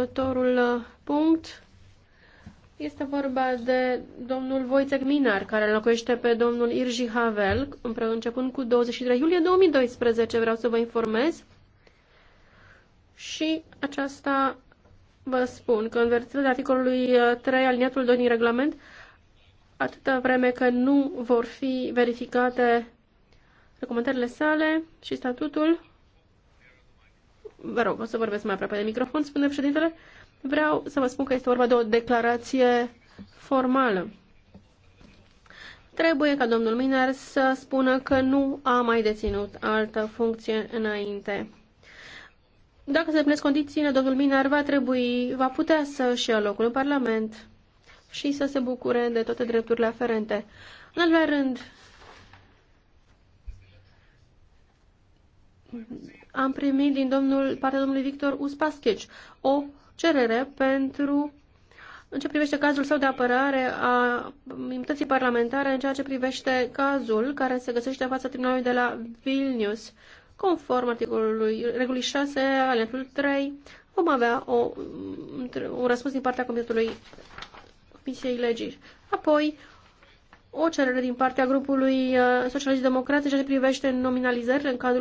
Următorul uh, punct este vorba de domnul Voicec Minar, care înlocuiește pe domnul Irji Havel, începând cu 23 iulie 2012, vreau să vă informez. Și aceasta vă spun că în vertirea articolului 3 uh, aliniatul 2 din regulament, atâta vreme că nu vor fi verificate recomandările sale și statutul, Vă rog, o să vorbesc mai aproape de microfon, spune președintele. Vreau să vă spun că este vorba de o declarație formală. Trebuie ca domnul Miner să spună că nu a mai deținut altă funcție înainte. Dacă se plinesc condițiile, domnul Miner va trebui, va putea să-și ia locul în Parlament și să se bucure de toate drepturile aferente. În al doilea rând, am primit din domnul, partea domnului Victor Uspaschici o cerere pentru în ce privește cazul său de apărare a imunității parlamentare, în ceea ce privește cazul care se găsește în fața tribunalului de la Vilnius, conform articolului regulii 6, alentul 3, vom avea o, un răspuns din partea Comitetului Comisiei Legii. Apoi, o cerere din partea grupului uh, socialist-democrat în ceea ce privește nominalizările în cadrul